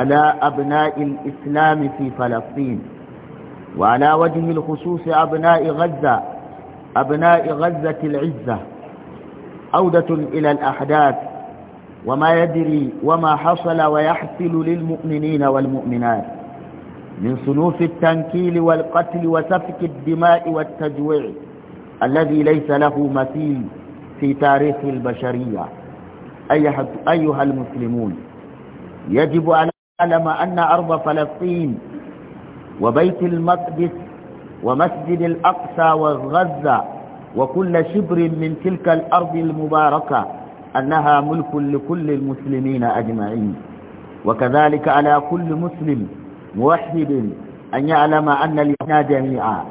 على أبناء الإسلام في فلسطين وعلى وجه الخصوص أبناء غزة أبناء غزة العزة عودة إلى الأحداث وما يدري وما حصل ويحصل للمؤمنين والمؤمنات من صنوف التنكيل والقتل وسفك الدماء والتجويع الذي ليس له مثيل في تاريخ البشرية أيها المسلمون يجب على علم أن أرض فلسطين وبيت المقدس ومسجد الأقصى وغزة وكل شبر من تلك الأرض المباركة أنها ملك لكل المسلمين أجمعين وكذلك على كل مسلم موحد أن يعلم أن لنا جميعا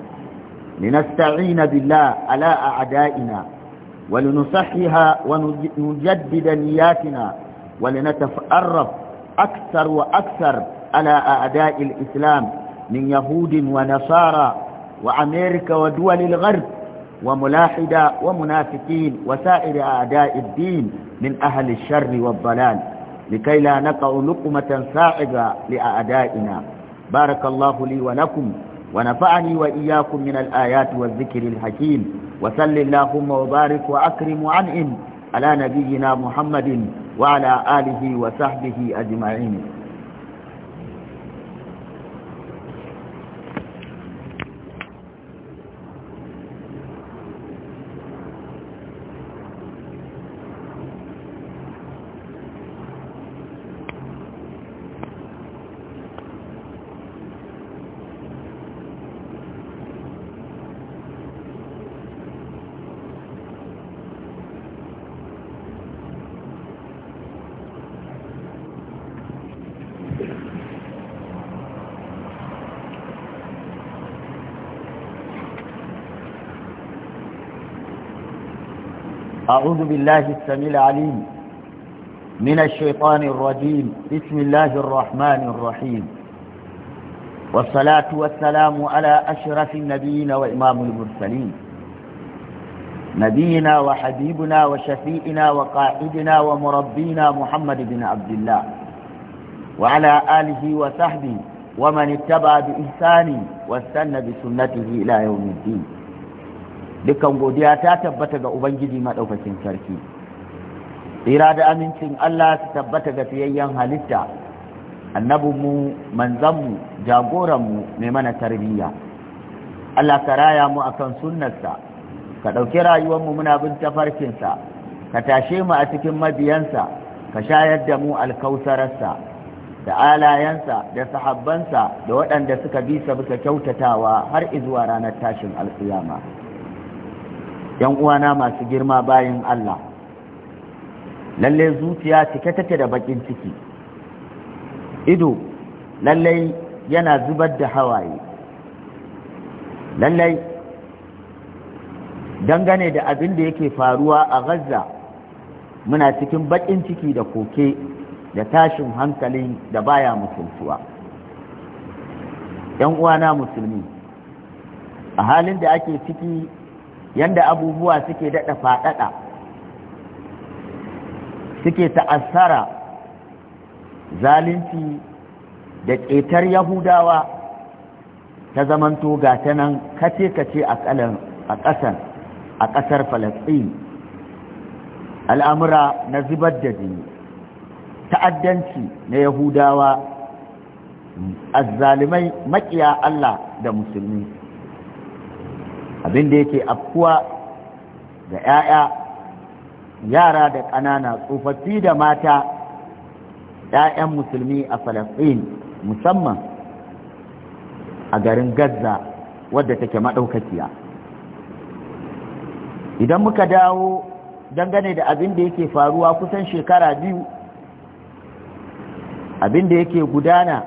لنستعين بالله على أعدائنا ولنصحها ونجدد نياتنا ولنتفأرف أكثر وأكثر على أعداء الإسلام من يهود ونصارى وأمريكا ودول الغرب وملاحدة ومنافقين وسائر أعداء الدين من أهل الشر والضلال لكي لا نقع لقمة صاعقة لأعدائنا بارك الله لي ولكم ونفعني وإياكم من الآيات والذكر الحكيم وسل اللهم وبارك وأكرم عنهم على نبينا محمد وعلى آله وصحبه أجمعين أعوذ بالله السميع العليم من الشيطان الرجيم بسم الله الرحمن الرحيم والصلاة والسلام على أشرف النبيين وإمام المرسلين نبينا وحبيبنا وشفيئنا وقائدنا ومربينا محمد بن عبد الله وعلى آله وصحبه ومن اتبع بإحسان واستنى بسنته إلى يوم الدين dukkan godiya ta tabbata ga ubangiji maɗaukakin sarki tsira da amincin allah su tabbata ga fiyayyen halitta annabinmu manzanmu jagoranmu mai mana tarbiyya allah ka raya mu akan sunnarsa ka ɗauki rayuwanmu muna bin tafarkinsa ka tashe mu a cikin mabiyansa ka shayar da mu alkausararsa da alayensa da sahabbansa da waɗanda suka bi sa bisa kyautatawa har izuwa ranar tashin alƙiyama. yan uwana masu girma bayan Allah lalle zuciya cike take da bakin ciki ido lalle yana zubar da hawaye lalle dangane da abin da yake faruwa a Gaza muna cikin bakin ciki da koke da tashin hankali da baya mutuntuwa yan uwana musulmi a halin da ake ciki yanda abubuwa suke daɗa faɗaɗa suke ta'assara zalunci da ƙetar yahudawa ta zamanto ga ta nan kace-kace a ƙasan a ƙasar falasɗin al'amura na zubar da jini ta'addanci na yahudawa zalimai maƙiya Allah da musulmi abin da yake afkuwa ga 'ya'ya yara da ƙanana tsofaffi da mata 'ya'yan musulmi a falasɗin musamman a garin gaza wadda take maɗaukakiya idan muka dawo dangane da abin da yake faruwa kusan shekara biyu abin da yake gudana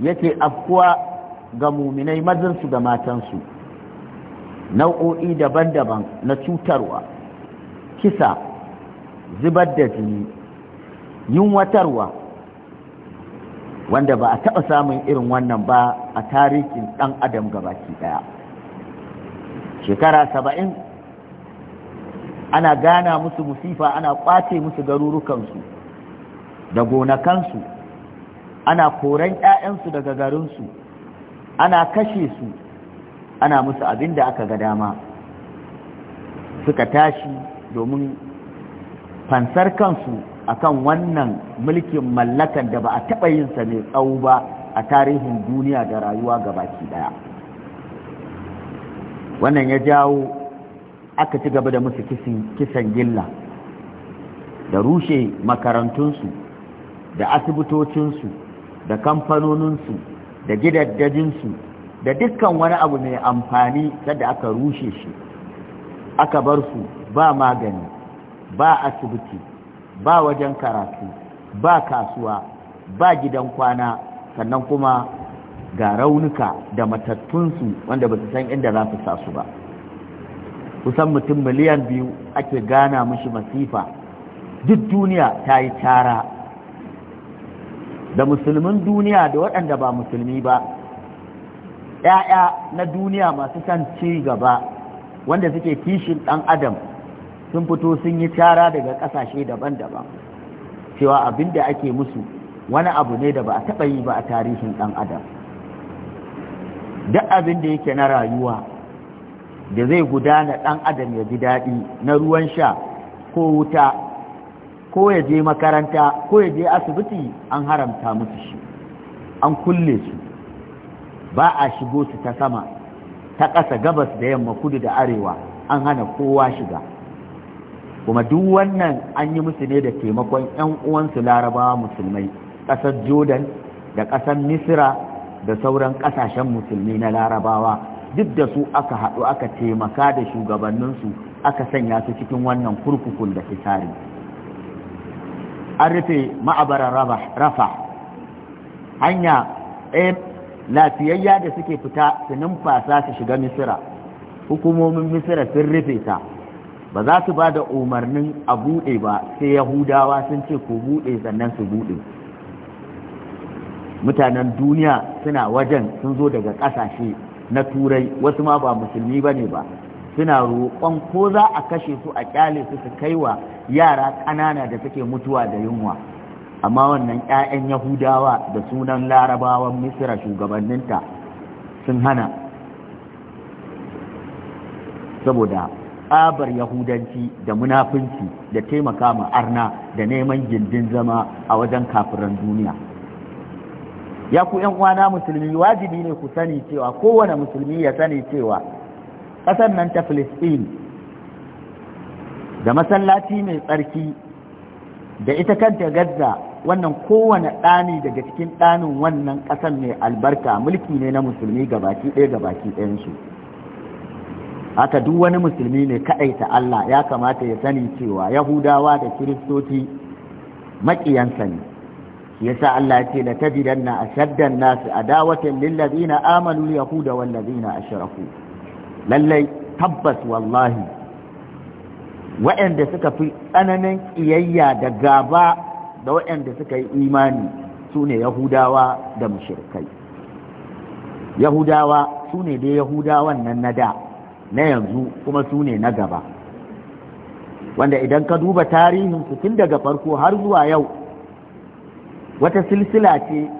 yake afkuwa ga muminai mazansu da matansu nau'o'i daban-daban na cutarwa kisa zubar da jini yunwatarwa wanda ba a taɓa samun irin wannan ba a tarihin ɗan adam gabaki ɗaya shekara saba'in ana gana musu musifa ana ƙwace musu garurukansu da gonakansu ana koren 'ya'yansu daga garinsu ana kashe su ana musu abin da aka ga dama suka tashi domin fansar kansu kan wannan mulkin mallakan da ba a taɓa yin sa mai tsawo ba a tarihin duniya da rayuwa ga baki ɗaya. wannan ya jawo aka ci gaba da musu kisan gilla da rushe makarantunsu da asibitocinsu da kamfanoninsu da gidaddajinsu da dukkan wani abu mai amfani kada aka rushe shi aka bar su ba magani ba asibiti ba wajen karatu ba kasuwa ba gidan kwana sannan kuma ga raunuka da matattunsu wanda ba su san inda za su sa su ba kusan mutum miliyan biyu ake gana mushi masifa duk duniya ta yi tara da musulmin duniya da waɗanda ba musulmi ba 'ya'ya na duniya masu son ci gaba wanda suke kishin ɗan adam sun fito sun yi tara daga ƙasashe daban-daban cewa abin da ake musu wani abu ne da ba a taɓa yi ba a tarihin ɗan adam duk abin da yake na rayuwa da zai gudana ɗan adam ya ji daɗi na ruwan sha ko wuta ko ya je makaranta ko ya je asibiti an haramta musu shi an kulle su ba a shigo su ta sama ta ƙasa gabas da yamma kudu da arewa an hana kowa shiga kuma duk wannan an yi musu ne da taimakon 'yan uwansu larabawa musulmai ƙasar jordan da ƙasar misira da sauran ƙasashen musulmi na larabawa duk da su aka haɗu aka taimaka da shugabanninsu aka sanya su cikin wannan kurkukun da fitari an rufe ma'abarar rafa hanya lafiyayya da suke fita su numfasa su shiga misira hukumomin misira sun rufe ta ba za su ba da umarnin a buɗe ba sai yahudawa sun ce ko buɗe sannan su buɗe mutanen duniya suna wajen sun zo daga ƙasashe na turai wasu ma ba musulmi ba ne ba suna roƙon ko za a kashe su a ƙyale su su kaiwa yara ƙanana da suke mutuwa da yunwa amma wannan 'ya'yan yahudawa da sunan larabawan misira shugabanninta sun hana saboda tsabar yahudanci da munafunci da taimaka ma arna da neman gindin zama a wajen kafiran duniya ya ku uwana musulmi wajibi ne ku sani cewa kowane musulmi ya sani cewa ƙasar nan ta filistin da masallaci mai tsarki da ita kanta gaza wannan kowane ɗani daga cikin ɗanin wannan ƙasar mai albarka mulki ne na musulmi gabaki ɗaya gabaki ɗayansu haka duk wani musulmi ne kaɗaita Allah ya kamata ya sani cewa yahudawa da kiristoci maƙiyansa ne yasa Allah ce la tajidanna ashaddan nas adawatan lil ladina amanu yahuda wal ladina ashraku lallai tabbas wallahi waɗanda suka fi tsananin ƙiyayya da gaba da waɗanda suka yi imani su ne yahudawa da mushirikai yahudawa su ne dai yahudawan nan na da na yanzu kuma su ne na gaba wanda idan ka duba tarihin su tun daga farko har zuwa yau wata silsila ce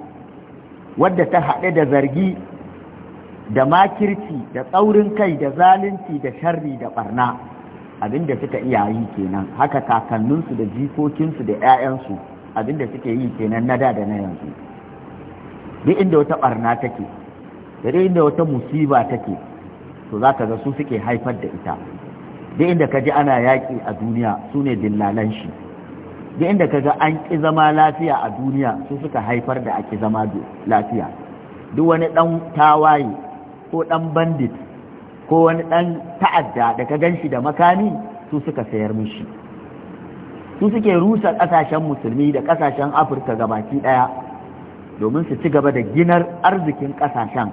wadda ta haɗe da zargi da makirci da tsaurin kai da zalunci da sharri da ɓarna. abinda suka iya yi kenan haka kakanninsu da jikokinsu da 'ya'yansu abinda suke yi kenan na da da na yanzu duk inda wata barna take da duk inda wata musiba take to za ka ga su suke haifar da ita duk inda ka ji ana yaƙi a duniya su ne dillalan shi duk inda ka ga an ƙi zama lafiya a duniya su suka haifar da a ƙi zama lafiya duk wani ɗan tawaye ko ɗan bandit ko wani ɗan ta'adda da ka gan shi da makami su suka sayar mishi su suke rusa ƙasashen musulmi da ƙasashen afirka gabaki ɗaya domin su ci gaba da ginar arzikin ƙasashen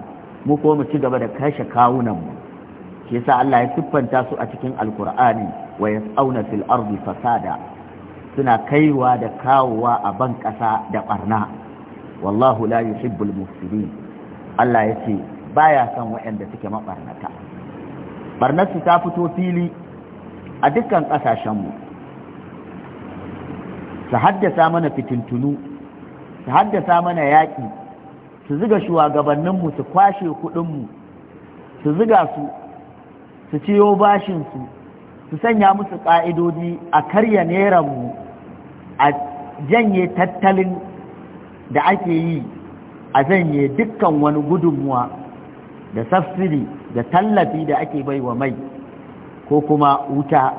mu ko mu ci gaba da kashe kawunanmu shi yasa Allah ya siffanta su a cikin alkur'ani wa yas'auna fil ardi fasada suna kaiwa da kawowa a ban ƙasa da barna wallahu la yuhibbul mufsidin Allah ya ce baya son waɗanda suke mabarnata barnarsu ta fito fili a dukkan ƙasashenmu su haddasa mana fitintunu su haddasa mana yaƙi su ziga shugabanninmu su kwashe kuɗinmu su zuga su su ciyo bashinsu su sanya musu ƙa'idodi a karya neranmu a janye tattalin da ake yi a janye dukkan wani gudunmuwa da safsiri da tallafi da ake bai wa mai ko kuma wuta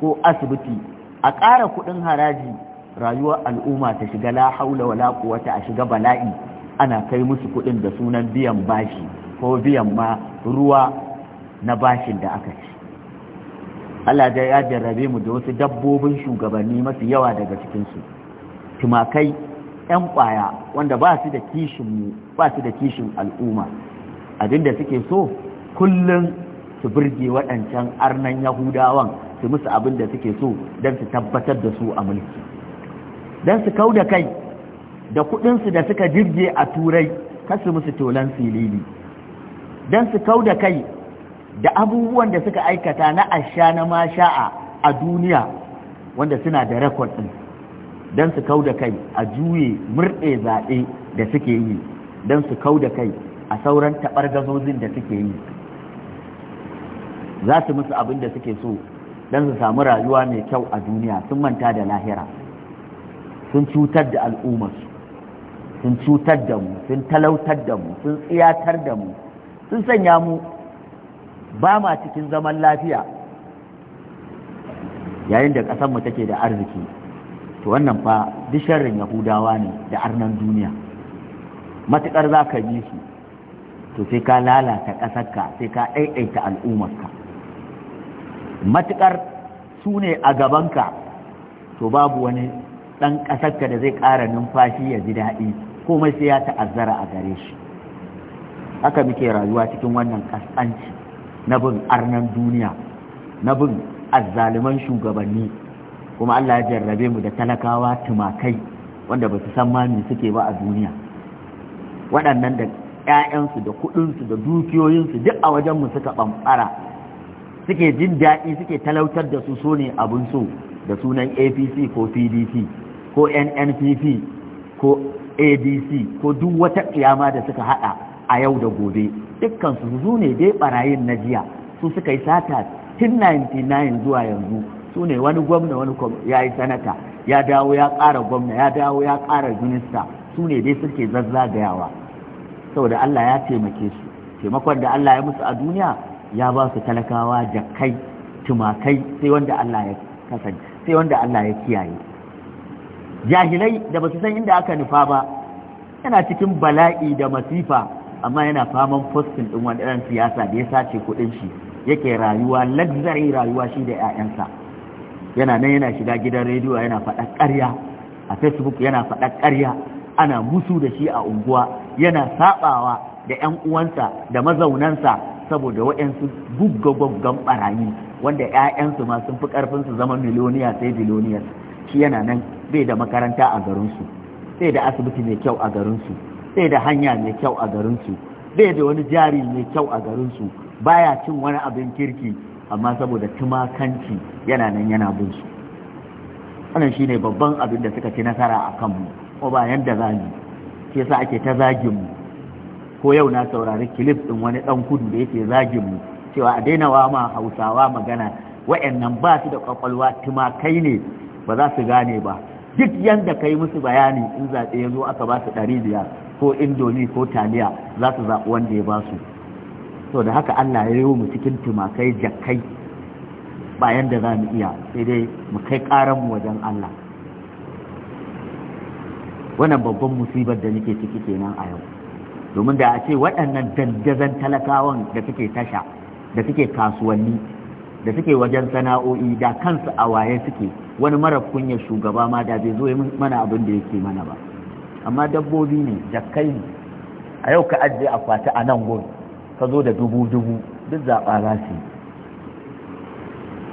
ko asibiti a ƙara kuɗin haraji rayuwar al'umma ta shiga la haula wala quwwata a shiga bala'i ana kai musu kuɗin da sunan biyan bashi ko biyan ma ruwa na bashin da aka ci Allah da ya jarrabe mu da wasu dabbobin shugabanni mafi yawa daga cikin su tumakai 'yan ƙwaya wanda ba su da kishin ba su da kishin al'umma Abin da suke so kullum su birge waɗancan arnan yahudawan su musu abin da suke so don su tabbatar da su a mulki don su kau da kai da kuɗinsu da suka jirge a turai kasu musu tolan silili don su kau da kai da abubuwan da suka aikata na asha na masha'a a duniya wanda suna da rekodin ɗin don su kau da kai a juye murɗe zaɓe da suke yi don su kau da kai a sauran taɓar gazozin da suke yi za su musu abin da suke so don su samu rayuwa mai kyau a duniya sun manta da lahira sun cutar da al'ummarsu sun cutar da mu sun talautar da mu sun tsiyatar da mu sun sanya mu ba ma cikin zaman lafiya yayin da ƙasarmu take da arziki to wannan fa duk yahudawa ne da arnan duniya matuƙar za ka bi su to sai ka lalata ƙasarka sai ka ɗaiɗaita al'ummarka matuƙar su ne a gabanka to babu wani ɗan ƙasarka da zai ƙara numfashi ya ji daɗi komai sai ya ta'azzara a gare shi haka muke rayuwa cikin wannan ƙasƙanci na bin arnan duniya na bin azzaliman shugabanni kuma Allah ya jarrabe mu da talakawa tumakai wanda ba su san ma suke ba a duniya waɗannan da ƴaƴansu da kuɗinsu da dukiyoyinsu duk a wajenmu suka ɓamɓara suke jin daɗi suke talautar da su so ne abin so da sunan apc ko pdp ko nnpp ko adc ko duk wata ƙiyama da suka haɗa a yau da gobe dukkansu su ne dai ɓarayin na jiya su suka yi sata tun 99 zuwa yanzu su ne wani gwamna wani ya yi sanata ya dawo ya ƙara gwamna ya dawo ya ƙara minista su ne dai suke zazzagayawa saboda Allah ya taimake su taimakon da Allah ya musu a duniya ya ba su talakawa jakai tumakai sai wanda Allah ya kasance sai wanda Allah ya kiyaye jahilai da ba su san inda aka nufa ba yana cikin bala'i da masifa amma yana faman fostin din wani ɗan siyasa da ya sace kuɗin shi yake rayuwa luxury rayuwa shi da 'ya'yansa yana nan yana shiga gidan rediyo yana faɗa ƙarya a facebook yana faɗa ƙarya ana musu da shi a unguwa yana sabawa da ƴan uwansa da mazaunansa saboda waɗansu guggaggaggan barayi wanda 'ya'yansu ma sun fi ƙarfin su zama miliyoniya sai biliyoniya shi yana nan bai da makaranta a garinsu sai da asibiti mai kyau a garinsu sai da hanya mai kyau a garinsu bai da wani jari mai kyau a garinsu baya cin wani abin kirki amma saboda tumakanci yana nan yana bin su wannan shine babban abin da suka ci nasara a kanmu ko ba yanda za ni ke sa ake ta zagin mu ko yau na saurari kilif din wani dan kudu da yake zagin mu cewa a daina wa ma Hausawa magana wayannan ba su da kwakwalwa tumakai ne ba za su gane ba duk yanda kai musu bayani in zaɓe ya zo aka ba su ɗari biyar ko indomi ko taliya za su zaɓi wanda ya ba su to da haka Allah ya yi mu cikin tumakai jakkai ba da za mu iya sai dai mu kai ƙaranmu wajen Allah wannan babban musibar da nake ciki kenan a yau domin da a ce waɗannan dandazan talakawan da suke tasha da suke kasuwanni da suke wajen sana'o'i da kansu a waye suke wani mara kunyar shugaba ma da bai zo mana abin da yake mana ba amma dabbobi ne da ne a yau ka ajiye akwati a nan gurin ka zo da dubu dubu duk zaɓa za su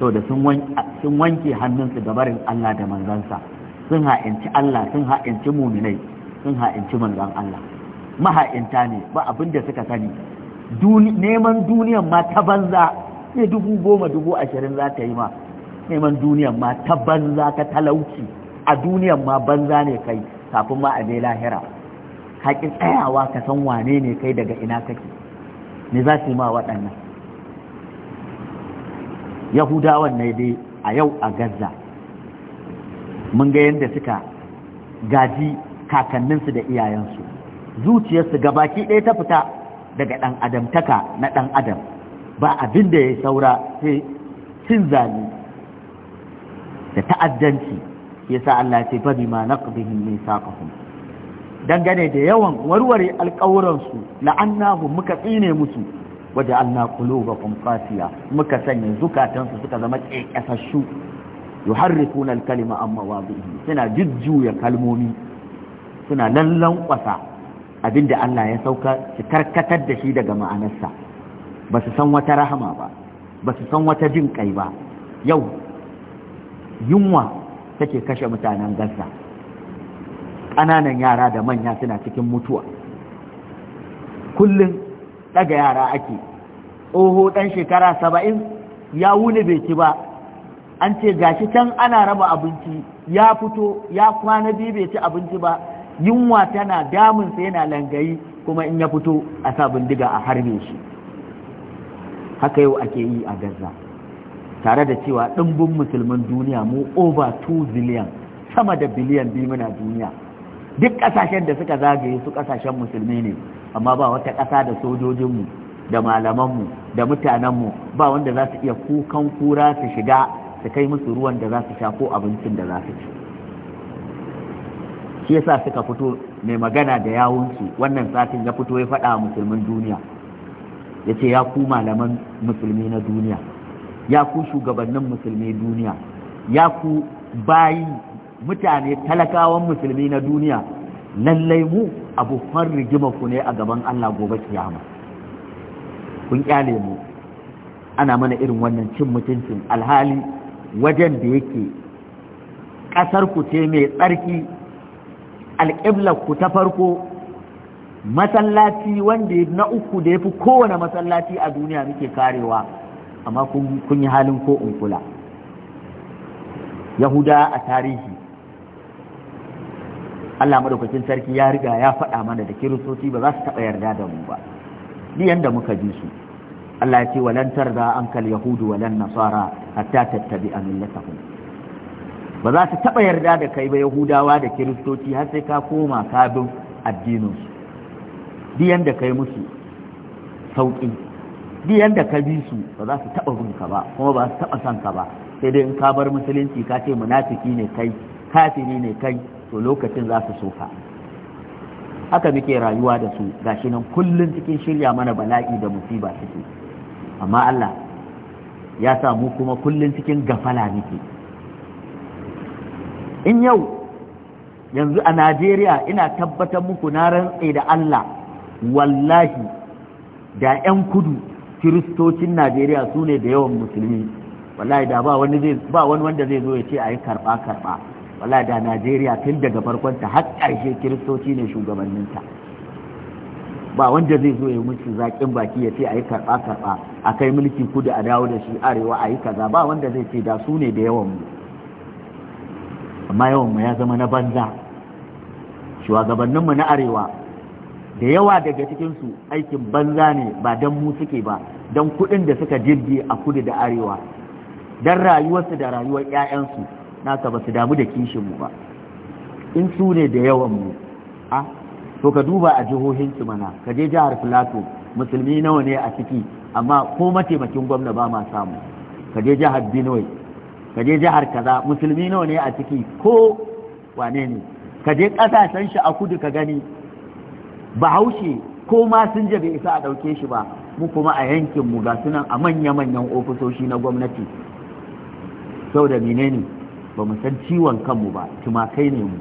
Sau da sun wanke hannunsu gabarin Allah da manzansa sun ha'inci Allah sun ha'inci muminai sun ha'inci manzon Allah maha'inta ne ba abin da suka sani neman duniyan ma ta banza ne dubu goma dubu ashirin za ta yi ma neman duniyan ma ta banza ta talauci a duniyan ma banza ne kai kafin ma a je lahira haƙin tsayawa ka san wane ne kai daga ina kake ne za su yi ma waɗannan yahudawan ne dai a yau a gaza mun ga yadda suka gaji kakanninsu da iyayensu zuciyarsu gabaki ɗaya ta fita daga ɗan adamtaka na ɗan adam ba abin da ya saura sai cin zali da ta'addanci ya sa Allah ya ce fa bima naqdihim mithaqahum dangane da yawan warware alƙawuransu la'annahu muka tsine musu waje an ba kulubakun fasiya muka sanya zukatansu suka zama ƙeƙasashu yuharrifuna al-kalima amma mawadihi suna jujjuya kalmomi suna lallan ƙwasa abinda Allah ya sauka su karkatar da shi daga ma'anarsa ba su san wata rahama ba ba su san wata jin kai ba yau yunwa take kashe mutanen gasa ƙananan yara da manya suna cikin mutuwa kullum ɗaga yara ake tsoho ɗan shekara saba'in ya wuni bai ci ba an ce gashi can ana raba abinci ya fito ya kwana biyu bai ci abinci ba yunwa tana damun sa yana langayi kuma in ya fito a sa bindiga a harbe shi haka yau ake yi a gaza tare da cewa ɗimbin musulman duniya mu over 2 billion sama da biliyan biyu muna duniya duk ƙasashen da suka zagaye su ƙasashen musulmi ne amma ba wata ƙasa da sojojinmu da malamanmu da mutanenmu ba wanda za su iya kukan kura su shiga su kai musu ruwan da za su sha ko abincin da za su ci shi yasa suka fito mai magana da yawunsu wannan satin ya fito ya faɗa musulmin duniya ya ce ya ku malaman musulmi na duniya ya ku shugabannin musulmi duniya ya ku bayi mutane talakawan musulmi na duniya lallai mu abokan ku ne a gaban Allah gobe kiyama kun kyale mu ana mana irin wannan cin mutuncin alhali wajen da yake ƙasarku ce mai tsarki alƙiblar ku ta farko masallaci wanda na uku da ya fi kowane masallaci a duniya muke karewa amma kun yi halin ko unkula. kula yahuda a tarihi Allah madaukakin sarki ya riga ya faɗa mana da kiristoci ba za su taɓa yarda da mu ba ni yadda muka ji su Allah ya ce da an ankal yahudu walan nasara hatta tattabi'a millatahum ba za su taɓa yarda da kai ba yahudawa da kiristoci har sai ka koma ka bin addininsu biyan da kai musu sauƙi biyan da ka bi su ba za su taɓa bin ka ba kuma ba su taɓa son ka ba sai dai in ka bar musulunci ka ce munafiki ne kai kafiri ne kai to lokacin za su so ka haka muke rayuwa da su gashi nan kullum cikin shirya mana bala'i da musiba suke amma Allah ya samu kuma kullum cikin gafala nake in yau yanzu a najeriya ina tabbatar muku na rantse da allah wallahi da 'yan kudu kiristocin najeriya su ne da yawan musulmi wallahi da ba wani wanda zai zo ya ce a yi karɓa-karɓa wallahi da najeriya tun daga farkonta har ƙarshe kiristoci ne shugabanninta ba wanda zai zo ya mutu zaƙin baki ya ce a yi karɓa karɓa a kai mulki kudu a dawo da shi arewa a yi kaza ba wanda zai ce da su ne da yawan mu amma yawan mu ya zama na banza shugabannin mu na arewa da yawa daga cikin su aikin banza ne ba dan mu suke ba dan kuɗin da suka jirgi a kudu da arewa dan rayuwarsu da rayuwar 'ya'yansu naka ba su damu da kishin mu ba in su ne da yawan mu a to ka duba a jihohin mana ka je jihar filato musulmi nawa ne a ciki amma ko mataimakin gwamna ba ma samu ka je jihar benue ka je jihar kaza musulmi nawa ne a ciki ko wane ne ka je ƙasashen shi a kudu ka gani bahaushe ko ma sun je bai isa a ɗauke shi ba mu kuma a yankin mu ga sunan a manya-manyan ofisoshi na gwamnati sau da menene ba mu san ciwon kanmu ba tumakai ne mu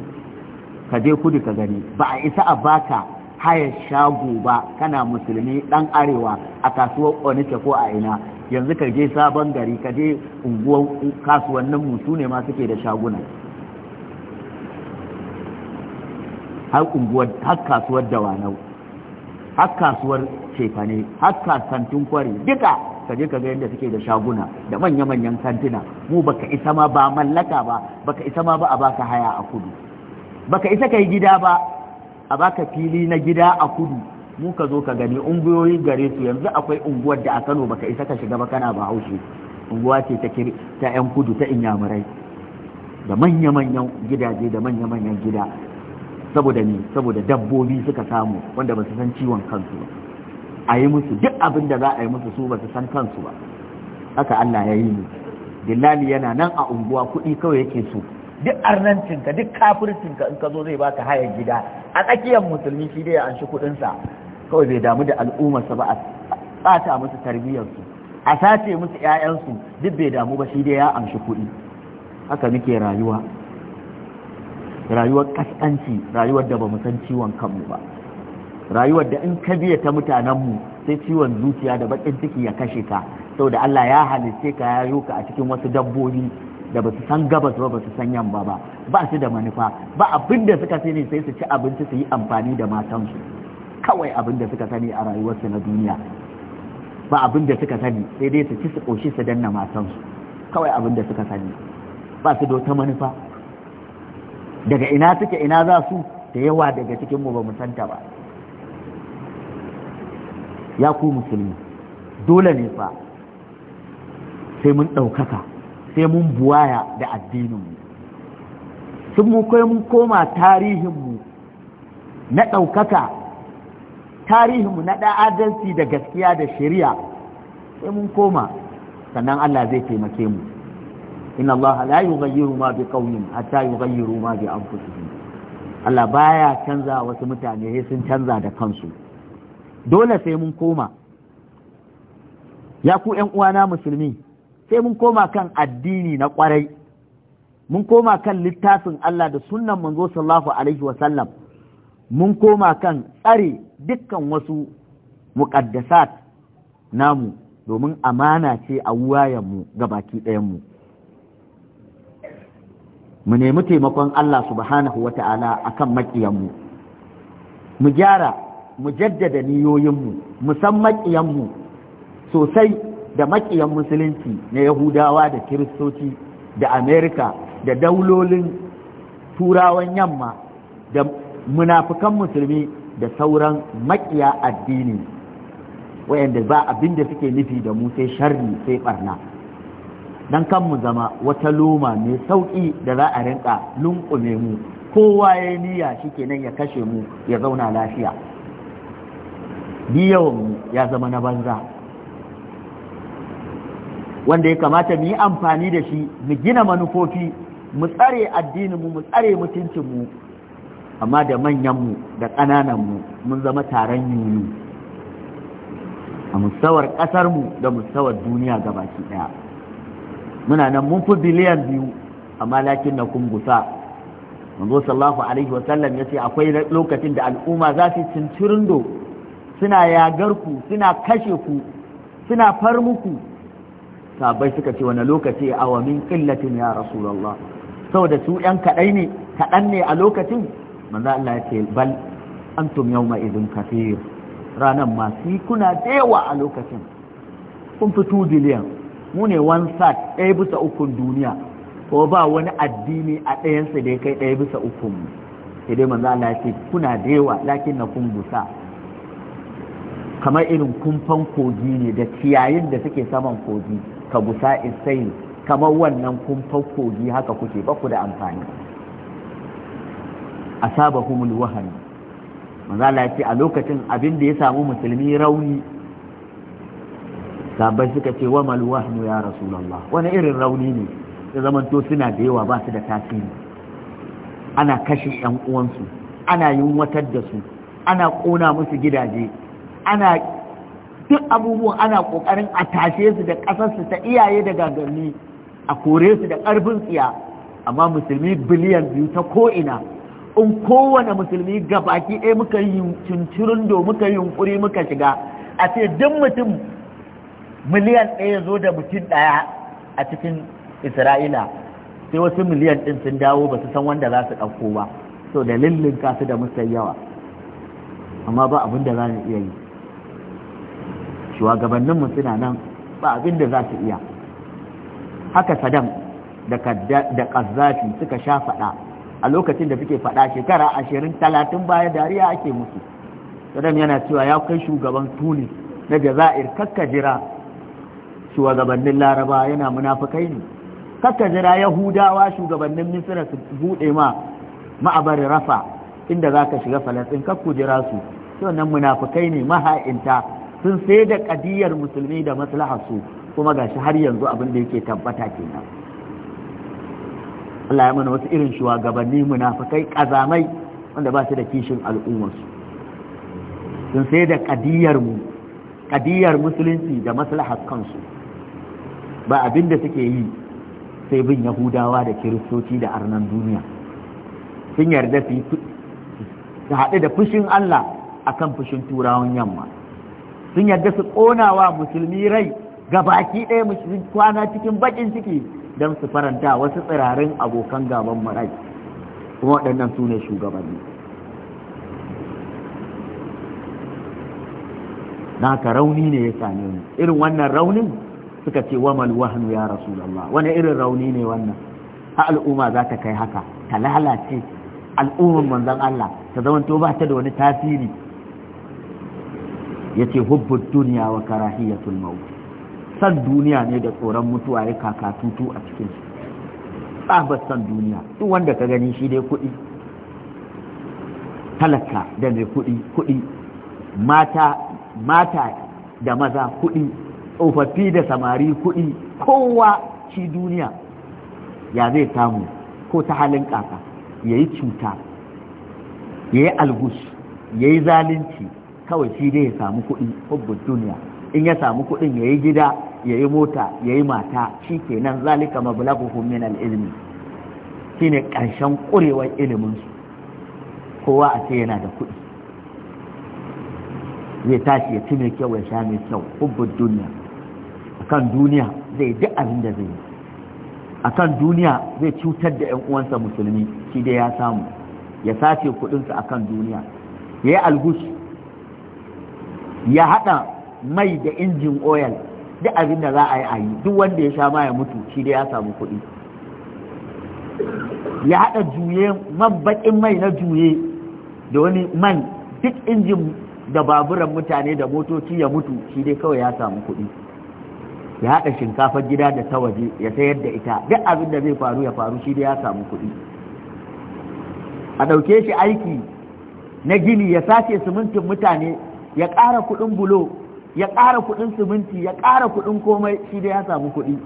ka je kudu ka gani ba a isa a baka haya shago ba kana musulmi dan arewa a kasuwar onice ko a ina yanzu ka je sabon gari ka je unguwar kasuwannin mu su ne ma suke da shaguna har unguwar har kasuwar dawanau har kasuwar cefane har kasantin kwari duka ka je ka ga yadda suke da shaguna da manya-manyan kantina mu baka isa ma ba mallaka ba baka isa ma ba a baka haya a kudu baka isa kai gida ba a baka fili na gida a kudu mu ka zo ka gani unguyoyi gare su yanzu akwai unguwar da a Kano baka isa ka shiga ba kana ba haushe unguwa ce ta ta yan kudu ta inyamurai da manya-manyan gidaje da manya-manyan gida saboda ni saboda dabbobi suka samu wanda ba su san ciwon kansu ba a yi musu duk abin da za a yi musu su ba su san kansu ba haka Allah ya yi ni. dillali yana nan a unguwa kuɗi kawai yake so duk arnancinka duk kafircinka in ka zo zai baka hayar gida a tsakiyar musulmi shi dai ya anshi kuɗinsa kawai bai damu da al'ummarsa ba a tsata musu tarbiyyarsu a sace musu 'ya'yansu duk bai damu ba shi dai ya amshi kuɗi haka muke rayuwa rayuwar kaskanci rayuwar da ba san ciwon kanmu ba rayuwar da in ka biya ta mutanenmu sai ciwon zuciya da bakin ciki ya kashe ka saboda Allah ya halitte ka ya ka a cikin wasu dabbobi da ba su san gabas ba ba su san yamma ba ba su da manufa ba abin da suka sani sai su ci abinci su yi amfani da matansu kawai abin da suka sani a rayuwarsu na duniya ba abin da suka sani sai dai su ci su ƙoshi su danna matansu kawai abin da suka sani ba su da wata manufa daga ina suke ina za su da yawa daga cikinmu ba mu santa ba ya ku musulmi dole ne fa sai mun ɗaukaka sai mun buwaya da addininmu sun mu kai mun koma tarihinmu na ɗaukaka tarihinmu na adalci da gaskiya da shari'a sai mun koma sannan Allah zai taimake mu inna Allah la yughayyiru ma bi qaumin hatta yughayyiru ma bi anfusihim Allah baya canza wasu mutane sai sun canza da kansu dole sai mun koma ya ku ƴan uwana musulmi sai mun koma kan addini na kwarai mun koma kan littafin Allah da sunnan manzo sallallahu alaihi sallam mun koma kan tsare dukkan wasu muƙaddasat namu domin amana ce a wuwayenmu ga baki ɗayanmu mu nemi taimakon Allah subhanahu wa ta'ala a kan maƙiyanmu mu gyara mu jaddada niyoyinmu mu san maƙiyanmu sosai da makiyan musulunci na yahudawa da kiristoci da amerika da daulolin turawan yamma da munafukan musulmi da sauran makiya addini wayanda ba abin da suke nufi da mu sai sharri sai barna dan kan mu zama wata loma mai sauƙi da za a rinka lunkume mu kowa ya niyya nan ya kashe mu ya zauna lafiya biyawan mu ya zama na banza wanda ya kamata mu yi amfani da shi mu gina manufofi mu tsare addininmu mu tsare mutuncinmu amma da manyanmu da ƙanananmu mun zama taron yuyu a musawar ƙasarmu da musawar duniya gabaki ɗaya muna nan mun fi biliyan biyu amma lakin na kungusa manzo sallallahu alaihi wasallam ya ce akwai lokacin da al'umma za su cincirindo suna yagar ku suna kashe ku suna far muku sabai suka ce wani lokaci a wamin ƙillatin ya rasulallah saboda su ‘yan kaɗai ne kaɗan ne a lokacin manzo Allah ya ce bal antum yawma izin kafir ranan masu kuna da a lokacin kun fi biliyan mu ne one sat ɗaya bisa ukun duniya ko ba wani addini a ɗayansa da ya kai ɗaya bisa ukun mu sai manzo Allah ya ce kuna da yawa lakin na kun gusa kamar irin kumfan kogi ne da ciyayin da suke saman kogi ka busa isai kamar wannan kun haka kuke baku da amfani saba humul wahani maza ce a lokacin abin da ya samu musulmi rauni sabai suka ce wa mal wahnu ya rasulullah wani irin rauni ne ya zamanto suna da yawa ba su da tasiri ana kashe yan uwansu ana yunwatar da su ana kona musu gidaje ana duk abubuwan ana kokarin a tashe su da ƙasarsu ta iyaye da gagarni a kore su da ƙarfin tsiya amma musulmi biliyan biyu ta ko'ina in kowane musulmi ga baki ɗaya muka yi cincirin do muka yi yunkuri muka shiga a ce duk mutum miliyan ɗaya zo da mutum ɗaya a cikin isra'ila sai wasu miliyan ɗin sun dawo ba su san wanda za su ɗauko ba so da lullun kasu da musayyawa amma ba abin da za mu iya yi mu suna nan ba abin da za su iya haka sadam da ƙazzafi suka sha faɗa a lokacin da suke faɗa shekara ashirin talatin baya dariya ake musu sadam yana cewa ya kai shugaban tunis na jaza'ir kakka jira shugabannin laraba yana munafukai ne kakka jira yahudawa shugabannin misira su buɗe ma ma'abarin rafa inda za ka shiga falastin kakku jira su to nan munafukai ne maha'inta sun sai da kadiyar musulmi da maslaharsu kuma gashi har yanzu abin da yake tabbata kenan Allah ya mana wasu irin shugabanni munafikai kazamai wanda ba su da kishin al'ummarsu sun sai da kadiyar mu kadiyar musulunci da maslahar kansu ba abin da suke yi sai bin yahudawa da kiristoci da arnan duniya sun yarda su haɗu da fushin Allah akan fushin turawan yamma sun yarda su ƙonawa musulmi rai ga baki ɗaya musulmi kwana cikin baƙin ciki don su faranta wasu tsirarin abokan gaban marai kuma waɗannan su ne shugabanni naka rauni ne ya same ni irin wannan raunin suka ce wamal wahnu ya rasulullah wani irin rauni ne wannan ha al'umma za ta kai haka ta lalace al'umman manzon Allah ta zamanto ba ta da wani tasiri yace hubbud dunya wa karahiyatul maut san duniya ne da tsoron mutuwa ya kaka tutu a cikin shi tsabar san duniya duk wanda ka gani shi dai kuɗi talaka da mai kuɗi kuɗi mata mata da maza kuɗi tsofaffi da samari kuɗi kowa shi duniya ya zai samu ko ta halin kaka yayi cuta yayi yi algus ya zalunci kawai shi dai ya samu kuɗi hubbun duniya in ya samu kuɗin ya yi gida ya yi mota ya yi mata shi nan zalika mablaguhum min al-ilmi shine ƙarshen ƙurewar ilimin su kowa a ce yana da kuɗi zai tashi ya ci mai kyau ya sha mai kyau hubbun duniya akan duniya zai ji abin da zai yi akan duniya zai cutar da 'yan uwansa musulmi shi dai ya samu ya sace kuɗinsa akan duniya ya yi algushi ya haɗa mai da injin oil duk abin da za a yi a yi duk wanda ya sha ma ya mutu shi da ya samu kuɗi ya haɗa juye man baƙin mai na juye da wani man duk injin da baburan mutane da motoci ya mutu shi dai kawai ya samu kuɗi ya haɗa shinkafar gida da ta waje ya sayar da ita duk abin da zai faru ya faru shi dai ya samu kuɗi a ɗauke shi aiki na gini ya sace simintin mutane ya ƙara kuɗin bulo ya ƙara kuɗin siminti ya ƙara kuɗin komai shi dai ya samu kuɗi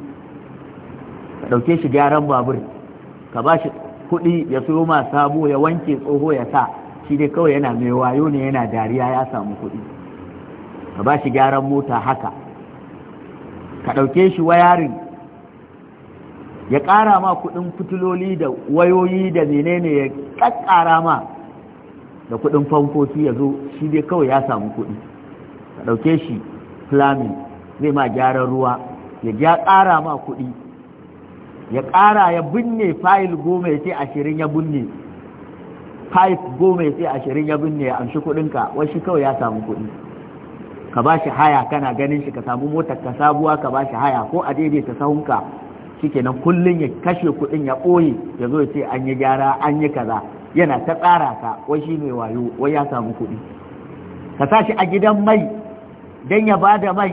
ka ɗauke shi gyaran babur ka ba shi kuɗi ya siyo ma sabo ya wanke tsoho ya sa shi dai kawai yana mai wayo ne yana dariya ya samu kuɗi ka ba shi gyaran mota haka ka ɗauke shi wayarin ya ƙara ma kuɗin fitiloli da wayoyi da menene ya ƙaƙƙara ma da kudin shi ya zo shi dai kawai ya samu kudi ka ɗauke shi flamin zai ma gyaran ruwa ya ja kara ma kudi ya kara ya binne fayil goma ya ce ashirin ya binne fayil goma ya ce ashirin ya binne ya amshi kudinka wasu kawai ya samu kudi ka ba shi haya kana ganin shi ka samu motar ka sabuwa ka ba shi haya ko a daidaita sahunka shi kenan kullum ya kashe kudin ya ɓoye ya zo ya ce an yi gyara an yi kaza yana ta ƙara ka wai shi ne wayo wai ya samu kuɗi ka sa shi a gidan mai don ya ba da mai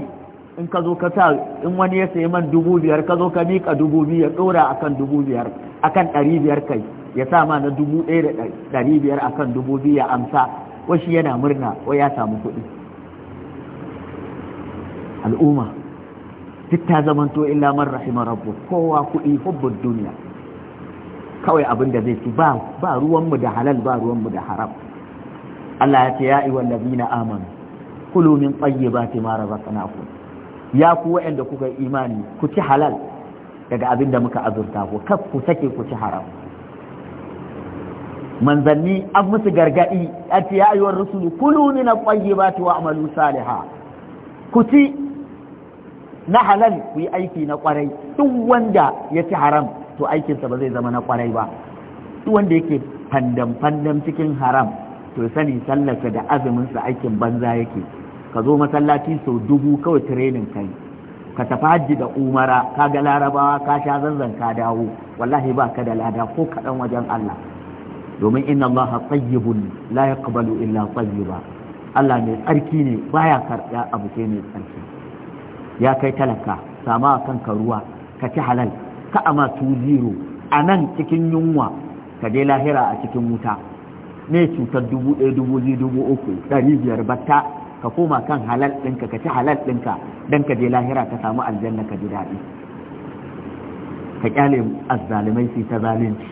in ka zo ka sa in wani ya sayi man dubu biyar ka zo ka miƙa dubu biyar ɗora a kan dubu biyar a kan ɗari biyar kai ya sa ma na dubu ɗaya da ɗari biyar a kan dubu biyu ya amsa wai shi yana murna wai ya samu kuɗi al'umma duk ta zamanto illa man rahima rabbu kowa kuɗi hubbun duniya kawai abin da zai ci ba ruwanmu da halal ba ruwanmu da haram Allah ya ce ya ayyuhal ladina amanu kulu min mara ma razaqnakum ya ku wa'anda kuka imani ku ci halal daga abin da muka azurta ku kaf ku sake ku ci haram manzanni an musu gargaɗi a ce ya ayyuhar rusulu kulu min tayyibati wa amalu Saliha. ku ci na halal ku yi aiki na kwarai duk wanda ya ci haram to aikinsa ba zai zama na kwarai ba duk wanda yake fandam fandam cikin haram to sani sallarsa da sa aikin banza yake ka zo masallaci sau dubu kawai training kai ka tafi hajji da umara ka ga larabawa ka sha zanzan ka dawo wallahi ba ka da lada ko kaɗan wajen Allah domin inna Allah tayyibun la yaqbalu illa tayyiba Allah mai tsarki ne baya karɓa abu sai mai tsarki ya kai talaka sama kanka ruwa ka ci halal ama tuziru a nan cikin yunwa ka je lahira a cikin wuta ne cutar dubu ɗaya dubu biyu dubu uku ɗari biyar batta ka koma kan halal ɗinka ka ci halal ɗinka don ka je lahira ka samu aljanna ka ji daɗi ka kyale azzalimai su ta zalunci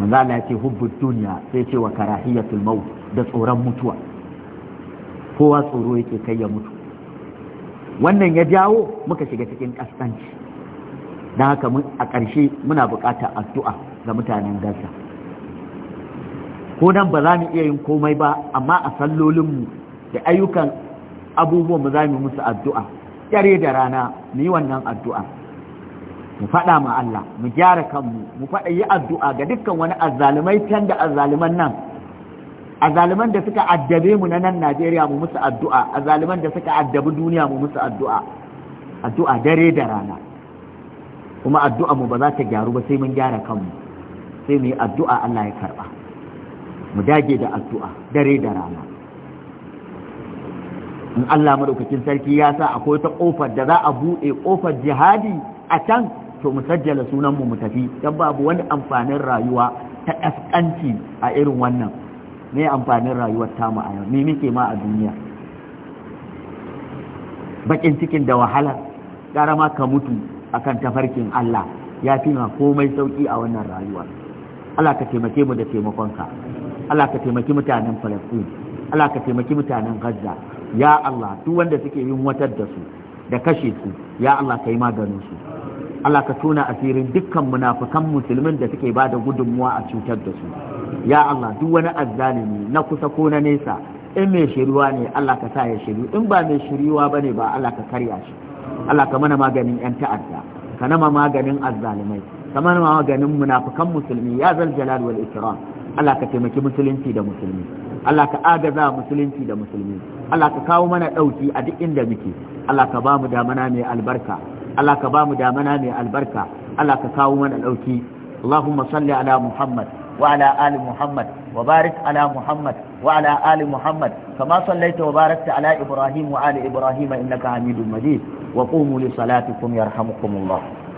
manzala ya ce hubbun duniya sai ce wa karahiyatul maut da tsoron mutuwa kowa tsoro yake kai ya mutu wannan ya jawo muka shiga cikin kaskanci Na haka a ƙarshe muna buƙatar addu'a ga mutanen gaza ko nan ba za mu iya yin komai ba amma a sallolinmu da ayyukan abubuwan mu za mu musu addu'a yare da rana mu yi wannan addu'a mu faɗa ma Allah mu gyara kanmu mu faɗa yi addu'a ga dukkan wani azzalumai can da azzaluman nan azzaluman da suka addabe mu na nan Najeriya mu musu addu'a azzaluman da suka addabi duniya mu musu addu'a addu'a dare da rana kuma addu'a mu ba za ta gyaru ba sai mun gyara kanmu sai mu yi addu'a Allah ya karba mu dage da addu'a dare da rana in Allah madaukakin sarki ya sa akwai ta kofar da za a buɗe kofar jihadi a can to mu sajjala sunan mu mu tafi dan babu wani amfanin rayuwa ta kaskanci a irin wannan me amfanin rayuwar tamu a yau me muke ma a duniya bakin cikin da wahala gara ma ka mutu akan tafarkin Allah ya fi ma komai sauki a wannan rayuwa Allah ka taimake mu da taimakonka Allah ka taimaki mutanen Falastin Allah ka taimaki mutanen Gaza ya Allah duk wanda suke yin watar da su da kashe su ya Allah ka yi maganin su Allah ka tona asirin dukkan munafukan musulmin da suke ba da gudunmuwa a cutar da su ya Allah duk wani azzalimi na kusa ko na nesa in mai shiriwa ne Allah ka sa ya shiru in ba mai shiriwa bane ba Allah ka karya shi Allah ka mana maganin yan ta'adda ka nama maganin azzalimai ka mana maganin munafikan musulmi ya zal jalal wal ikram Allah ka taimaki musulunci da musulmi Allah ka agaza musulunci da musulmi Allah ka kawo mana ɗauki a duk inda muke Allah ka ba mu damana mai albarka Allah ka ba mu damana mai albarka Allah ka kawo mana ɗauki Allahumma salli ala Muhammad wa ala ali Muhammad وبارك على محمد وعلى آل محمد كما صليت وباركت على إبراهيم وآل إبراهيم إنك حميد مجيد وقوموا لصلاتكم يرحمكم الله